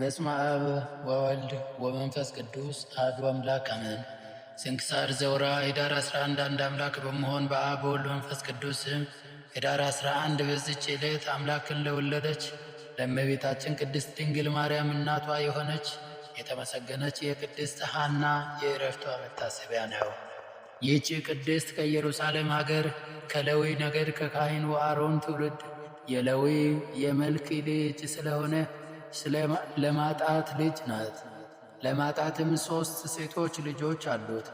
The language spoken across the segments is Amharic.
በስመ አብ ወወልድ ወመንፈስ ቅዱስ አሐዱ አምላክ አሜን። ስንክሳር ዘወርኀ ኅዳር 11 አንድ አምላክ በመሆን በአብ በወልድ መንፈስ ቅዱስ ስም ኅዳር 11 በዚች ዕለት አምላክን ለወለደች ለእመቤታችን ቅድስት ድንግል ማርያም እናቷ የሆነች የተመሰገነች የቅድስት ሐና የእረፍቷ መታሰቢያ ነው። ይህች ቅድስት ከኢየሩሳሌም አገር ከለዊ ነገድ ከካህኑ አሮን ትውልድ የለዊ የመልክ ልጅ ስለሆነ ለማጣት ልጅ ናት። ለማጣትም ሦስት ሴቶች ልጆች አሉት።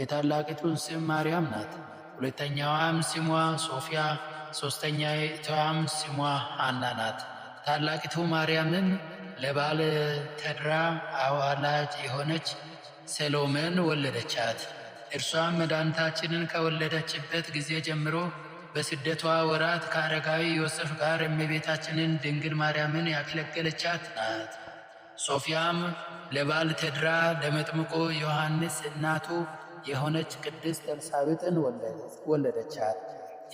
የታላቂቱን ስም ማርያም ናት። ሁለተኛዋም ስሟ ሶፊያ፣ ሦስተኛዋም ስሟ አና ናት። ታላቂቱ ማርያምም ለባለ ተድራ አዋላጅ የሆነች ሰሎመን ወለደቻት። እርሷም መድኃኒታችንን ከወለደችበት ጊዜ ጀምሮ በስደቷ ወራት ከአረጋዊ ዮሴፍ ጋር እመቤታችንን ድንግል ማርያምን ያገለገለቻት ናት። ሶፊያም ለባል ተድራ ለመጥምቆ ዮሐንስ እናቱ የሆነች ቅድስት ኤልሳቤጥን ወለደቻት።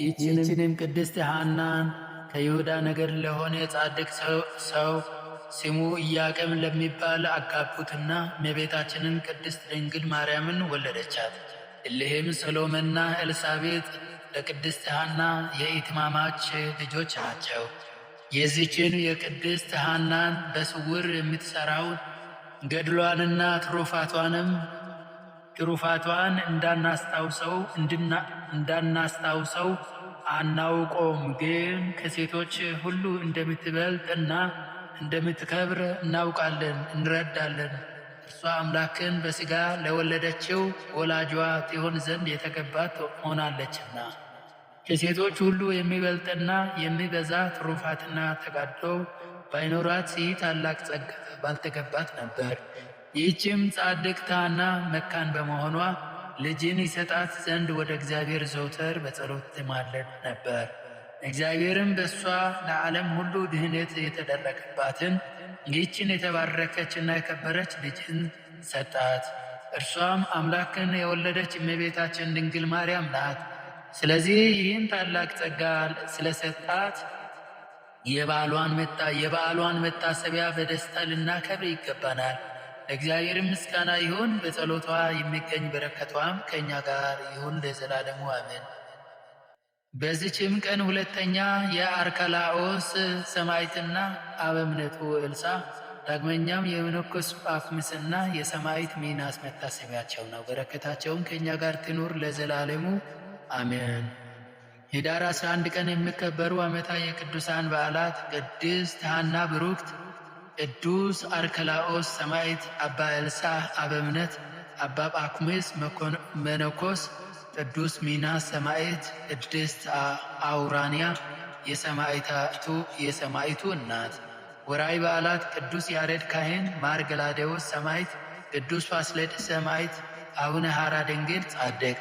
ይህችንም ቅድስት ሐናን ከይሁዳ ነገር ለሆነ ጻድቅ ሰው ስሙ ኢያቄም ለሚባል አጋቡትና እመቤታችንን ቅድስት ድንግል ማርያምን ወለደቻት። እሊህም ሰሎሜና ኤልሳቤጥ ለቅድስት ሐና የኢትማማች ልጆች ናቸው። የዚችን የቅድስት ሐናን በስውር የምትሠራውን ገድሏንና ትሩፋቷንም ትሩፋቷን እንዳናስታውሰው እንዳናስታውሰው አናውቆም፣ ግን ከሴቶች ሁሉ እንደምትበልጥና እንደምትከብር እናውቃለን እንረዳለን። እርሷ አምላክን በሥጋ ለወለደችው ወላጇ ትሆን ዘንድ የተገባት ሆናለችና ከሴቶች ሁሉ የሚበልጥና የሚበዛ ትሩፋትና ተጋድሎ ባይኖራት ይህ ታላቅ ጸጋ ባልተገባት ነበር። ይህችም ጻድቅታና መካን በመሆኗ ልጅን ይሰጣት ዘንድ ወደ እግዚአብሔር ዘውተር በጸሎት ትማለድ ነበር። እግዚአብሔርም በእሷ ለዓለም ሁሉ ድህነት የተደረገባትን ይህችን የተባረከች እና የከበረች ልጅን ሰጣት። እርሷም አምላክን የወለደች እመቤታችን ድንግል ማርያም ናት። ስለዚህ ይህን ታላቅ ጸጋ ስለሰጣት የበዓሏን መታሰቢያ በደስታ ልናከብር ይገባናል። እግዚአብሔር ምስጋና ይሁን። በጸሎቷ የሚገኝ በረከቷም ከእኛ ጋር ይሁን ለዘላለሙ አሜን። በዚችም ቀን ሁለተኛ የአርከላኦስ ሰማይትና አበምነቱ እልሳ ዳግመኛም የመነኮስ ጳኩሚስና የሰማይት ሚናስ መታሰቢያቸው ነው። በረከታቸውም ከእኛ ጋር ትኑር ለዘላለሙ አሜን። ኅዳር 11 ቀን የሚከበሩ ዓመታዊ የቅዱሳን በዓላት ቅድስት ሐና ብሩክት፣ ቅዱስ አርከላኦስ ሰማይት አባ እልሳ አበምነት አባ ጳኩሚስ መነኮስ ቅዱስ ሚና ሰማዕት፣ ቅድስት አውራንያ የሰማዕታቱ የሰማዕቱ እናት። ወርኃዊ በዓላት ቅዱስ ያሬድ ካህን፣ ማር ገላውዴዎስ ሰማዕት፣ ቅዱስ ፋሲለደስ ሰማዕት፣ አቡነ ሐራ ድንግል ጻድቅ።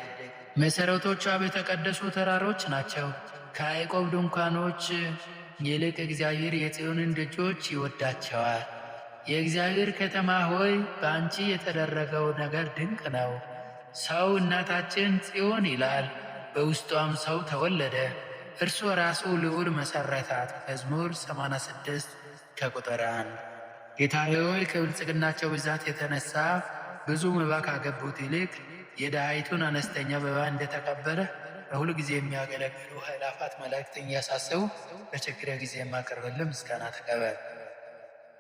መሠረቶቿ በተቀደሱ ተራሮች ናቸው። ከያዕቆብ ድንኳኖች ይልቅ እግዚአብሔር የጽዮንን ልጆች ይወዳቸዋል። የእግዚአብሔር ከተማ ሆይ በአንቺ የተደረገው ነገር ድንቅ ነው። ሰው እናታችን ጽዮን ይላል፣ በውስጧም ሰው ተወለደ፣ እርሱ ራሱ ልዑል መሠረታት። መዝሙር 86 ከቁጥር 1 ጌታ ሆይ ከብልጽግናቸው ብዛት የተነሳ ብዙ መባ ካገቡት ይልቅ የድሃይቱን አነስተኛ መባ እንደተቀበለ በሁሉ ጊዜ የሚያገለግሉ ኃይላፋት መላእክትን እያሳሰቡ በችግረ ጊዜ የማቀርበልን ምስጋና ተቀበል።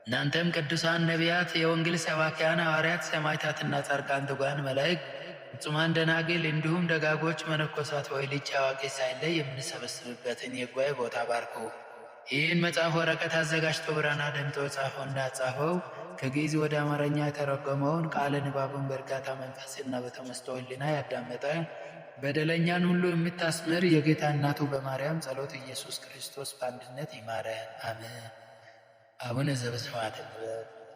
እናንተም ቅዱሳን ነቢያት፣ የወንጌል ሰባኪያን ሐዋርያት፣ ሰማዕታትና ጻድቃን፣ ትጉሃን መላእክት ፍጹማን ደናግል እንዲሁም ደጋጎች መነኮሳት ወይ ልጅ አዋቂ ሳይለይ የምንሰበስብበትን የጉባኤ ቦታ ባርኩ። ይህን መጽሐፍ ወረቀት አዘጋጅቶ ብራና ደምጦ ጻፈው እንዳጻፈው ከግዕዝ ወደ አማርኛ የተረጎመውን ቃለ ንባቡን በእርጋታ መንፈስና በተመስጦ ሕሊና ያዳመጠ በደለኛን ሁሉ የምታስምር የጌታ እናቱ በማርያም ጸሎት ኢየሱስ ክርስቶስ በአንድነት ይማረ አምን አቡነ ዘበሰማያት